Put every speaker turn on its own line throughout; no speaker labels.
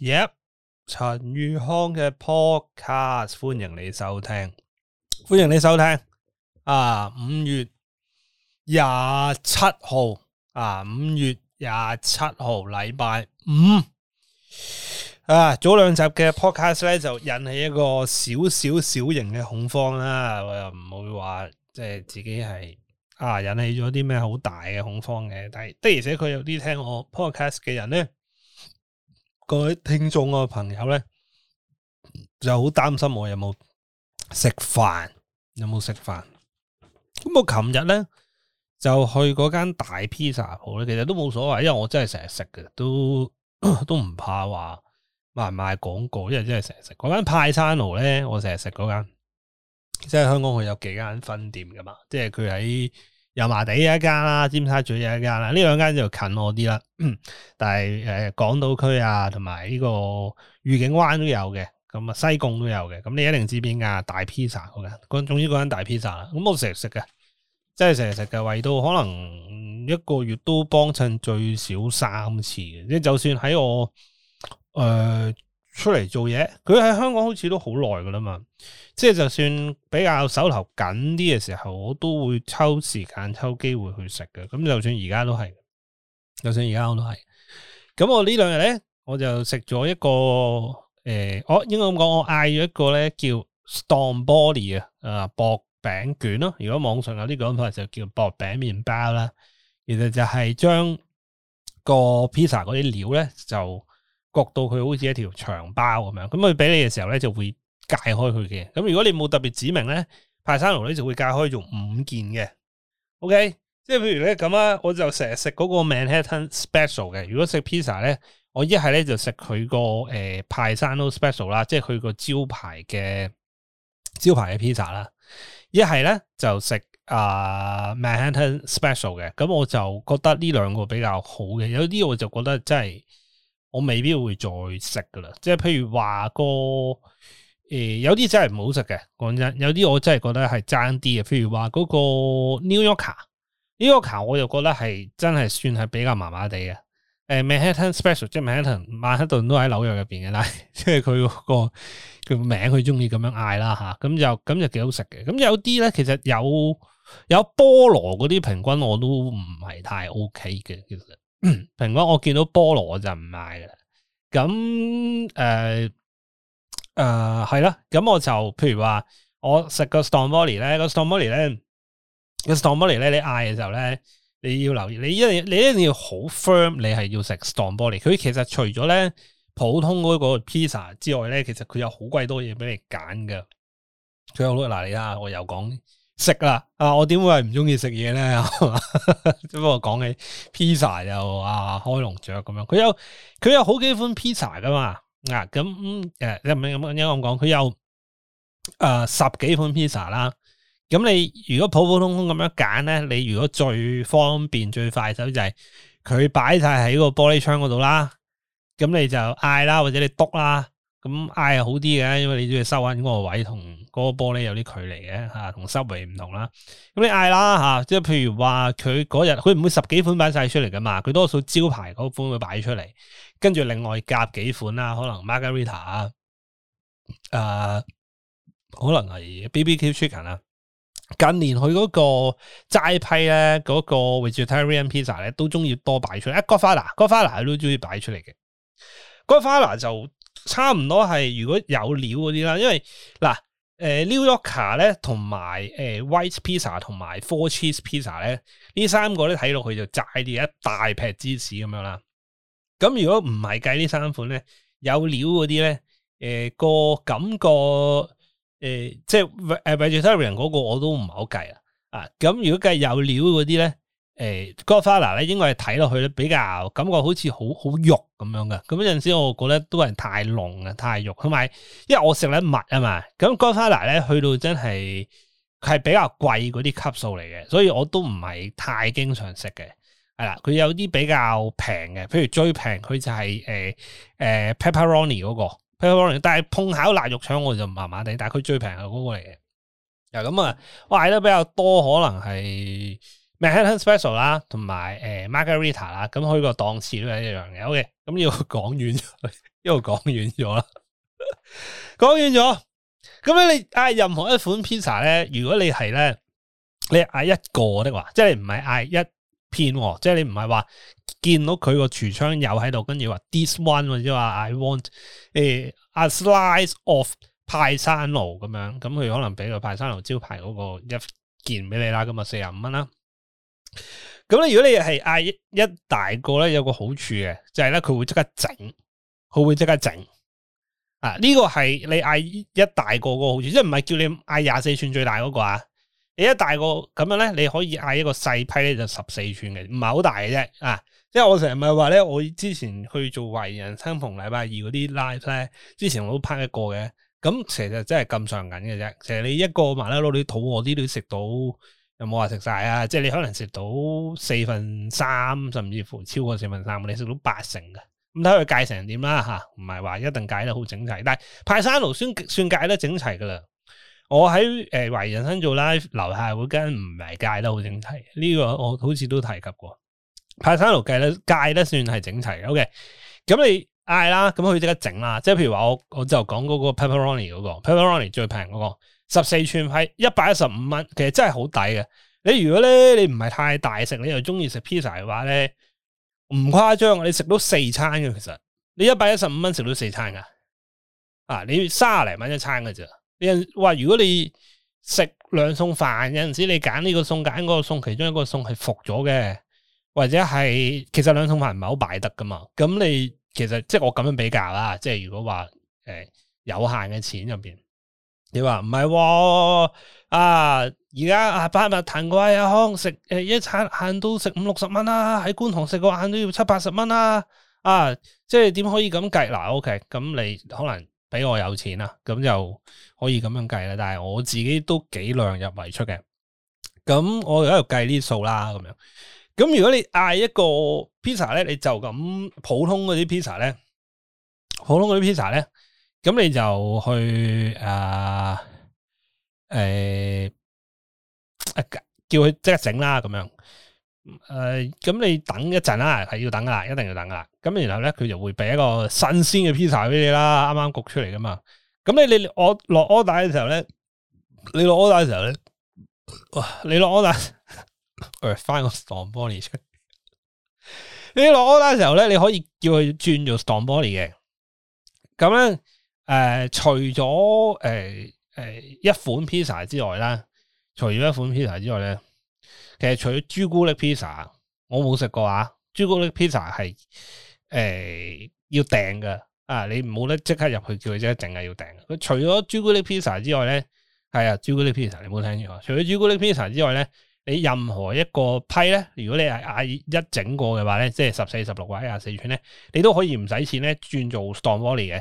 Yep，陳宇康嘅 podcast，歡迎你收聽，歡迎你收聽。啊，五月廿七號，啊，五月廿七號禮拜五。啊，早兩集嘅 podcast 咧，就引起一個少少小，小，小型嘅恐慌啦。我又唔會話即係自己係啊，引起咗啲咩好大嘅恐慌嘅。但係的而且確，有啲聽我 podcast 嘅人咧。各位聽眾個朋友咧，就好擔心我有冇食飯，有冇食飯。咁我琴日咧就去嗰間大披薩鋪咧，其實都冇所謂，因為我真係成日食嘅，都都唔怕話賣唔賣廣告，因為真係成日食嗰間派餐爐咧，我成日食嗰間，即係香港佢有幾間分店噶嘛，即係佢喺。油麻地有一間啦，尖沙咀有一間啦，呢兩間就近我啲啦。但係誒、呃，港島區啊，同埋呢個御景灣都有嘅，咁啊西貢都有嘅。咁你一定知邊間大 pizza 好㗎，總之嗰間大 pizza 啦。咁、嗯、我成日食嘅，即係成日食嘅，為到可能一個月都幫襯最少三次嘅。即就算喺我誒。呃出嚟做嘢，佢喺香港好似都好耐噶啦嘛。即係就算比較手頭緊啲嘅時候，我都會抽時間抽機會去食嘅。咁就算而家都係，就算而家我都係。咁我兩呢兩日咧，我就食咗一個誒、欸，哦，我應該咁講，我嗌咗一個咧叫 Stromboli 啊，啊薄餅卷咯。如果網上有呢個諗法就叫薄餅麵包啦。然後就係將個 pizza 嗰啲料咧就。焗到佢好似一條長包咁樣，咁佢俾你嘅時候咧就會解開佢嘅。咁如果你冇特別指明咧，派山奴咧就會解開用五件嘅。OK，即係譬如咧咁啊，我就成日食嗰個 Manhattan Special 嘅。如果食 pizza 咧，我一係咧就食佢個誒派山奴 Special 啦，即係佢個招牌嘅招牌嘅 pizza 啦。一係咧就食啊、呃、Manhattan Special 嘅。咁我就覺得呢兩個比較好嘅。有啲我就覺得真係。我未必會再食噶啦，即係譬如話個誒、呃，有啲真係唔好食嘅。講真，有啲我真係覺得係爭啲嘅。譬如話嗰個 New Yorker，New Yorker 我又覺得係真係算係比較麻麻地嘅。誒，Manhattan Special 即係 Manhattan，曼克頓都喺紐約入邊嘅啦，即係佢個個名佢中意咁樣嗌啦吓，咁就咁就幾好食嘅。咁有啲咧，其實有有菠蘿嗰啲平均我都唔係太 OK 嘅，其實。平均 我見到菠蘿我就唔買啦。咁誒誒係啦。咁、呃呃、我就譬如話我食個 Stromboli 咧，個 Stromboli 咧，個 Stromboli 咧，你嗌嘅時候咧，你要留意，你一定你一定要好 firm，你係要食 Stromboli。佢其實除咗咧普通嗰個 pizza 之外咧，其實佢有好鬼多嘢俾你揀噶。佢有好多嗱，你啊，我又講。食啦， 啊！我點會係唔中意食嘢咧？只 不過講起披薩就啊，開龍雀咁樣，佢有佢有好幾款披薩噶嘛，啊咁誒，你唔係咁樣咁講，佢有誒十幾款披薩啦。咁你如果普普通通咁樣揀咧，你如果最方便最快手就係佢擺晒喺個玻璃窗嗰度啦。咁你就嗌啦，或者你督啦。咁嗌係好啲嘅，因為你中意收喺嗰個位同嗰個玻璃有啲距離嘅吓，啊、收尾同收圍唔同啦。咁、啊嗯、你嗌啦吓，即、啊、係譬如話佢嗰日佢唔會十幾款擺晒出嚟噶嘛，佢多數招牌嗰款會擺出嚟，跟住另外夾幾款啦，可能 Margherita 啊，誒、啊，可能係 BBQ Chicken 啊。近年佢嗰個齋批咧，嗰、嗰個 vegetarian pizza 咧都中意多擺出，嚟、啊。一個 flower 個 flower 都中意擺出嚟嘅，個 flower 就。差唔多係如果有料嗰啲啦，因為嗱，誒、呃、New York 咧，er，同埋誒 White Pizza 同埋 Four Cheese Pizza 咧，呢三個咧睇落去就齋啲一,一大劈芝士咁樣啦。咁如果唔係計呢三款咧，有料嗰啲咧，誒、呃、個感覺誒、呃、即係誒 vegetarian 嗰個我都唔係好計啊。啊，咁如果計有料嗰啲咧。誒 g o l f a r 咧，欸、應該係睇落去咧比較感覺好似好好肉咁樣嘅。咁有陣時我覺得都係太濃啊，太肉。同埋，因為我食咧蜜啊嘛，咁 g o l f a r 咧去到真係係比較貴嗰啲級數嚟嘅，所以我都唔係太經常食嘅。係啦，佢有啲比較平嘅，譬如最平佢就係、是、誒誒、呃呃、Pepperoni 嗰、那個 Pepperoni，但係碰巧辣肉腸我就麻麻地，但係佢最平係嗰個嚟嘅。又咁啊，賣得比較多可能係。Madden Special 啦，同埋誒 Margherita 啦，咁佢個檔次都係一樣嘅。OK，咁要講遠，一路講遠咗啦，講 遠咗。咁咧你嗌任何一款 pizza 咧，如果你係咧，你嗌一個的話，即係你唔係嗌一片喎？即係你唔係話見到佢個櫥窗有喺度，跟住話 This one，或者話 I want 誒 a, a slice of 派山爐咁樣，咁佢可能俾個派山爐招牌嗰個一件俾你啦，咁啊四十五蚊啦。咁咧，如果你係嗌一大個咧，有個好處嘅，就係咧佢會即刻整，佢會即刻整啊！呢個係你嗌一大個個好處，即係唔係叫你嗌廿四寸最大嗰個啊？你一大個咁樣咧，你可以嗌一個細批咧就十四寸嘅，唔係好大嘅啫啊！即係我成日咪話咧，我之前去做華人生逢禮拜二嗰啲 live 咧，之前我都拍一個嘅，咁其實真係咁上癮嘅啫。其實你一個麻甩佬，你肚餓啲，你食到。有冇話食晒啊？即係你可能食到四分三，甚至乎超過四分三，你食到八成嘅、啊，咁睇佢戒成點啦吓，唔係話一定戒得好整齊。但係派山爐算算戒得整齊噶啦，我喺誒維仁新做 live 樓下會跟唔係戒得好整齊。呢、這個我好似都提及過，嗯、派山爐戒得戒得算係整齊嘅。OK，咁、嗯、你嗌啦，咁佢即刻整啦。即係譬如話我我就講嗰個 pepperoni 嗰、那個 pepperoni 最平嗰個。十四寸係一百一十五蚊，其實真係好抵嘅。你如果咧，你唔係太大食，你又中意食 pizza 嘅話咧，唔誇張，你食到四餐嘅。其實你一百一十五蚊食到四餐噶，啊，你卅零蚊一餐嘅啫。你話如果你食兩餸飯，有陣時你揀呢個餸揀嗰個餸，其中一個餸係腐咗嘅，或者係其實兩餸飯唔係好擺得噶嘛。咁你其實即係我咁樣比較啦，即係如果話誒、呃、有限嘅錢入邊。你話唔係喎？啊，而家啊，百物騰貴啊，食誒、啊，一餐晏都食五六十蚊啦、啊，喺觀塘食個晏都要七八十蚊啦。啊，即係點可以咁計？嗱、啊、OK，咁你可能比我有錢啦，咁就可以咁樣計啦。但係我自己都幾量入為出嘅，咁我喺度計呢數啦，咁樣。咁如果你嗌一個 pizza 咧，你就咁普通嗰啲 pizza 咧，普通嗰啲 pizza 咧。咁你就去誒誒、呃呃，叫佢即刻整啦，咁樣誒。咁、呃、你等一陣啦，係要等噶，一定要等噶。咁然後咧，佢就會俾一個新鮮嘅披薩俾你啦，啱啱焗出嚟噶嘛。咁你你我落 order 嘅時候咧，你落 order 嘅時候咧，哇！你落 order，翻 個 Stromboli 出嚟 你落 order 嘅時候咧，你可以叫佢轉做 Stromboli 嘅。咁咧。誒、呃，除咗誒誒一款披薩之外啦，除咗一款披薩之外咧，其實除咗朱古力披薩，我冇食過啊。朱古力披薩係誒要訂嘅，啊你唔好咧，即刻入去叫佢即刻整係要訂。除咗朱古力披薩之外咧，係啊朱古力披薩你冇聽過。除咗朱古力披薩之外咧，你任何一個批咧，如果你係嗌一整個嘅話咧，即係十四十六或者廿四寸咧，你都可以唔使錢咧，轉做 Stromboli 嘅。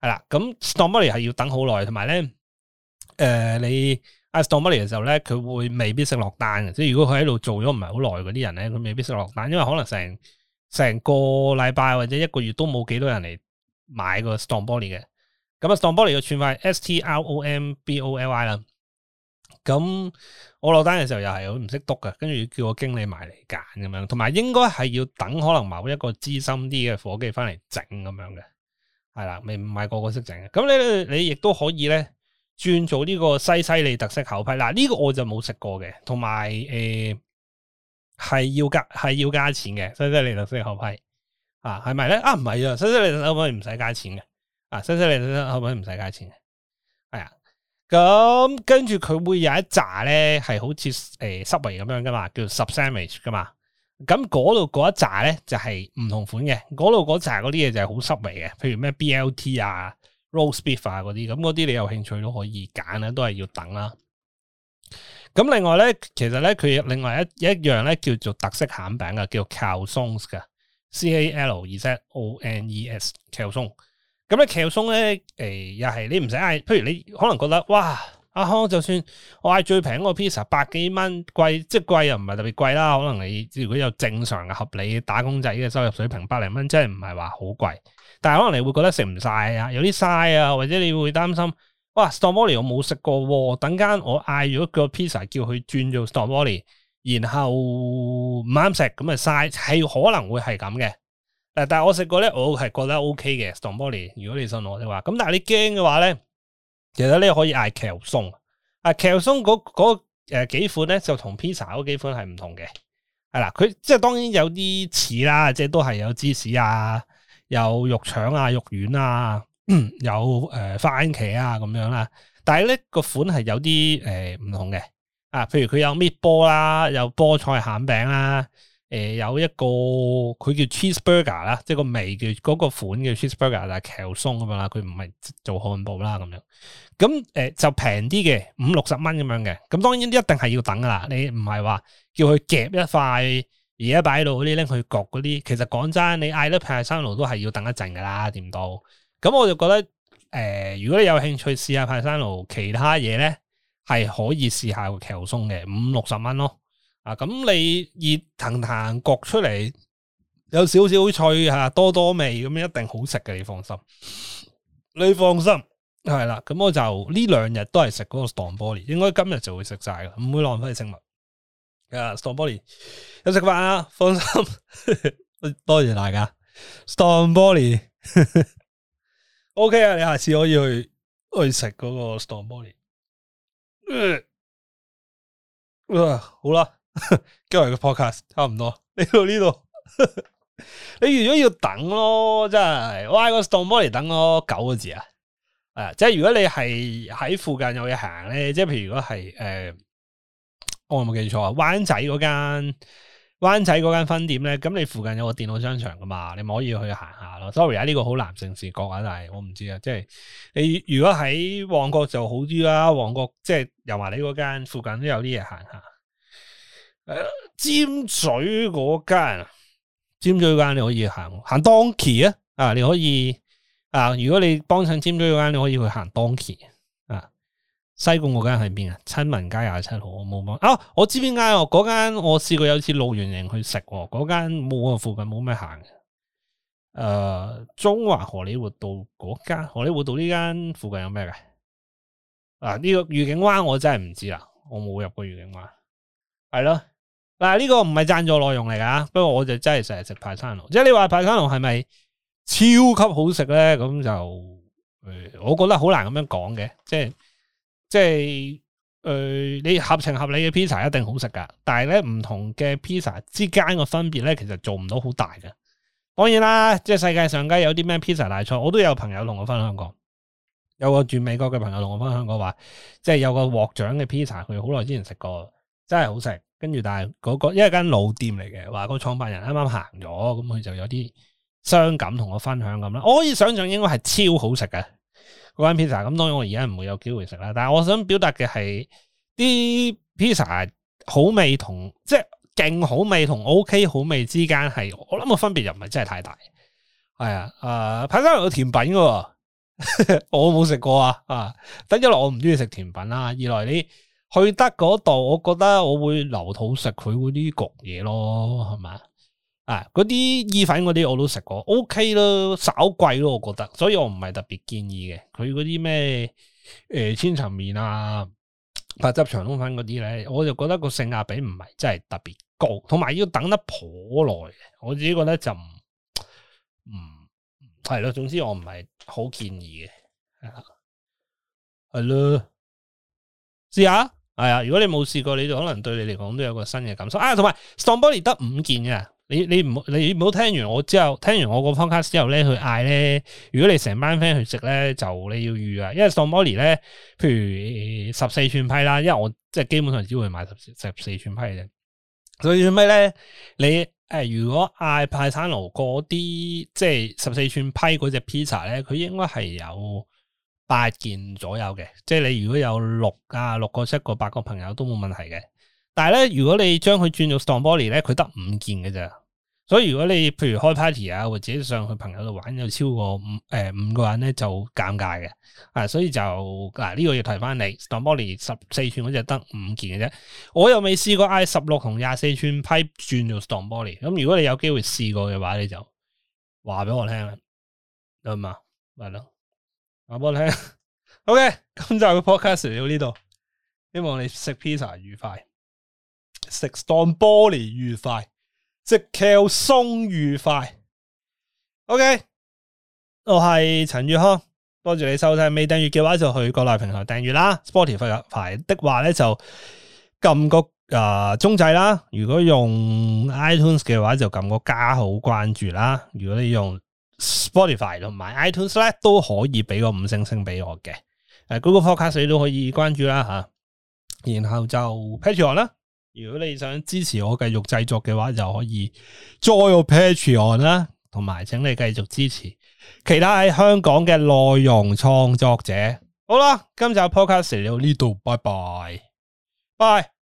係啦，咁 Stromboli 係要等好耐，同埋咧，誒、呃，你阿 Stromboli 嘅時候咧，佢會未必識落單嘅。即係如果佢喺度做咗唔係好耐嗰啲人咧，佢未必識落單，因為可能成成個禮拜或者一個月都冇幾多人嚟買個 Stromboli 嘅。咁啊，Stromboli 嘅串法 s t r o m b o l i 啦。咁我落單嘅時候又係好唔識讀嘅，跟住叫個經理埋嚟揀咁樣，同埋應該係要等可能某一個資深啲嘅伙計翻嚟整咁樣嘅。係啦，未唔係個個識整嘅，咁你你亦都可以咧轉做呢個西西利特色厚批。嗱、這、呢個我就冇食過嘅，同埋誒係要加係要加錢嘅西西利特色厚批啊係咪咧？啊唔係啊西西利可唔可以唔使加錢嘅啊西西利可唔可以唔使加錢嘅係啊。咁、啊嗯、跟住佢會有一紮咧係好似誒濕位咁樣噶嘛，叫十三味噶嘛。咁嗰度嗰一扎咧就係、是、唔同款嘅，嗰度嗰扎嗰啲嘢就係好濕微嘅，譬如咩 B.L.T 啊、Roast Beef 啊嗰啲，咁嗰啲你有興趣都可以揀咧，都係要等啦、啊。咁另外咧，其實咧佢另外一一樣咧叫做特色餡餅啊，叫做 Calzones 噶 C-A-L-E-Z-O-N-E-S Calzone，咁咧 Calzone 咧，誒又係你唔使，嗌，譬如你可能覺得哇～阿康，就算我嗌最平嗰個 pizza 百幾蚊，貴，即係貴又唔係特別貴啦。可能你如果有正常嘅合理打工仔嘅收入水平百零蚊，真係唔係話好貴。但係可能你會覺得食唔晒啊，有啲嘥啊，或者你會擔心哇，Stromboli 我冇食過，等間我嗌咗個 pizza 叫佢轉做 Stromboli，然後唔啱食，咁啊嘥，係可能會係咁嘅。但係我食過咧，我係覺得 OK 嘅 Stromboli。如果你信我嘅話，咁但係你驚嘅話咧。其實咧可以嗌 Calzone，啊 Calzone 嗰嗰幾款咧就同 Pizza 嗰幾款係唔同嘅，係啦，佢即係當然有啲似啦，即係都係有芝士啊，有肉腸啊，肉丸啊， 有誒、呃、番茄啊咁樣啦，但係呢、呢個款係有啲誒唔同嘅，啊，譬如佢有 meatball 啦，有菠菜餡餅啦。誒、呃、有一個佢叫 cheeseburger 啦，即係個味叫嗰、嗰個款叫 cheeseburger，但係 Calzone 咁樣啦，佢唔係做漢堡啦咁樣。咁誒、呃、就平啲嘅五六十蚊咁樣嘅。咁當然一定係要等噶啦，你唔係話叫佢夾一塊嘢擺喺度嗰啲拎去焗嗰啲。其實講真，你嗌得派山奴都係要等一陣噶啦，點都，咁我就覺得誒、呃，如果你有興趣試下派山奴其他嘢咧，係可以試下 Calzone 嘅五六十蚊咯。咁、啊、你熱騰騰焗出嚟，有少少脆吓，多多味咁，一定好食嘅。你放心，你放心係啦。咁我就呢兩日都係食嗰個 Stromboli，應該今日就會食晒噶，唔會浪費食物。啊、yeah, Stromboli，有食飯啊？放心， 多謝大家。Stromboli，OK 啊？你下次可以去去食嗰個 Stromboli。好啦。今日個 podcast 差唔多呢度呢度，你如果要等咯，真係哇個 Stromboli 等咗九個字啊！誒、啊，即係如果你係喺附近有嘢行咧，即係譬如如果係誒，我冇記錯啊，灣仔嗰間灣仔嗰間分店咧，咁你附近有個電腦商場噶嘛，你咪可以去行下咯。Sorry，啊，呢、這個好男性視角啊，但係我唔知啊，即係你如果喺旺角就好啲啦，旺角即係油麻地嗰間附近都有啲嘢行下。尖咀嗰間尖咀嗰間你可以行行 Donki 啊，啊你可以啊，如果你幫襯尖咀嗰間，你可以去行 Donki 啊。西貢嗰間喺邊啊？親民街廿七號，我冇問啊。我知邊間哦？嗰間我試過有次老圓形去食，嗰間冇啊。附近冇咩行嘅。誒，中華荷里活道嗰間荷里活道呢間附近有咩嘅？嗱、啊，呢、呢個御景灣我真係唔知啦，我冇入過御景灣，係咯。嗱，呢個唔係贊助內容嚟噶，不過我就真係成日食排山龍。即係你話排山龍係咪超級好食咧？咁就、呃，我覺得好難咁樣講嘅。即係，即係，誒、呃，你合情合理嘅 pizza 一定好食噶。但係咧，唔同嘅 pizza 之間嘅分別咧，其實做唔到好大嘅。當然啦，即係世界上梗係有啲咩 pizza 大菜，我都有朋友同我分享過。有個住美國嘅朋友同我分享過話，即係有個獲獎嘅 pizza，佢好耐之前食過，真係好食。跟住，但係嗰、那個因為間老店嚟嘅，話嗰個創辦人啱啱行咗，咁、嗯、佢就有啲傷感同我分享咁啦。我可以想象應該係超好食嘅嗰間 pizza。咁當然我而家唔會有機會食啦。但係我想表達嘅係啲 pizza 好味同即係勁好味同 OK 好味之間，係我諗個分別又唔係真係太大。係啊，誒、呃、派生有甜品嘅喎， 我冇食過啊啊！但一來我唔中意食甜品啦，二來你。去得嗰度，我覺得我會留肚食佢嗰啲焗嘢咯，係嘛？啊，嗰啲意粉嗰啲我都食過，OK 咯，稍貴咯，我覺得，所以我唔係特別建議嘅。佢嗰啲咩誒千層麵啊、白汁長通粉嗰啲咧，我就覺得個性價比唔係真係特別高，同埋要等得頗耐，我自己覺得就唔唔係咯。總之我唔係好建議嘅，係、啊、咯，試下。係啊、哎，如果你冇試過，你就可能對你嚟講都有個新嘅感受啊。同埋，stonebury 得五件嘅，你你唔你唔好聽完我之後，聽完我個 p o n e 卡之後咧去嗌咧。如果你成班 friend 去食咧，就你要預啊，因為 stonebury 咧，譬如十四寸批啦，因為我即係基本上只會買十四十四寸批嘅。所以做咩咧？你誒、呃，如果嗌派山爐嗰啲，即係十四寸批嗰隻 pizza 咧，佢應該係有。八件左右嘅，即係你如果有六啊六個七個八個朋友都冇問題嘅。但係咧，如果你將佢轉做 Stromboli 咧，佢得五件嘅啫。所以如果你譬如開 party 啊，或者上去朋友度玩有超過五誒、呃、五個人咧，就尷尬嘅啊。所以就嗱呢、啊這個要提翻你 Stromboli 十四寸嗰隻得五件嘅啫。我又未試過嗌十六同廿四寸批轉做 Stromboli、嗯、咁如果你有機會試過嘅話，你就話俾我聽啦。得嘛？咪咯。阿波聽，OK，咁就個 podcast 嚟聊呢度，希望你食 pizza 愉快，食 stone b o d y 愉快，即 kill 鬆愉快。OK，我係陳宇康，多謝你收聽。未訂閱嘅話就去各大平台訂閱啦。sportive 入牌的話咧，就撳個啊鐘掣啦。如果用 iTunes 嘅話就撳個加號關注啦。如果你用，Spotify 同埋 iTunes 咧，都可以俾個五星星俾我嘅。誒 Google Podcast 你都可以關注啦吓，然後就 Patreon 啦，如果你想支持我繼續製作嘅話，就可以再用 Patreon 啦，同埋請你繼續支持其他喺香港嘅內容創作者。好啦，今集 podcast 到呢度，拜拜，bye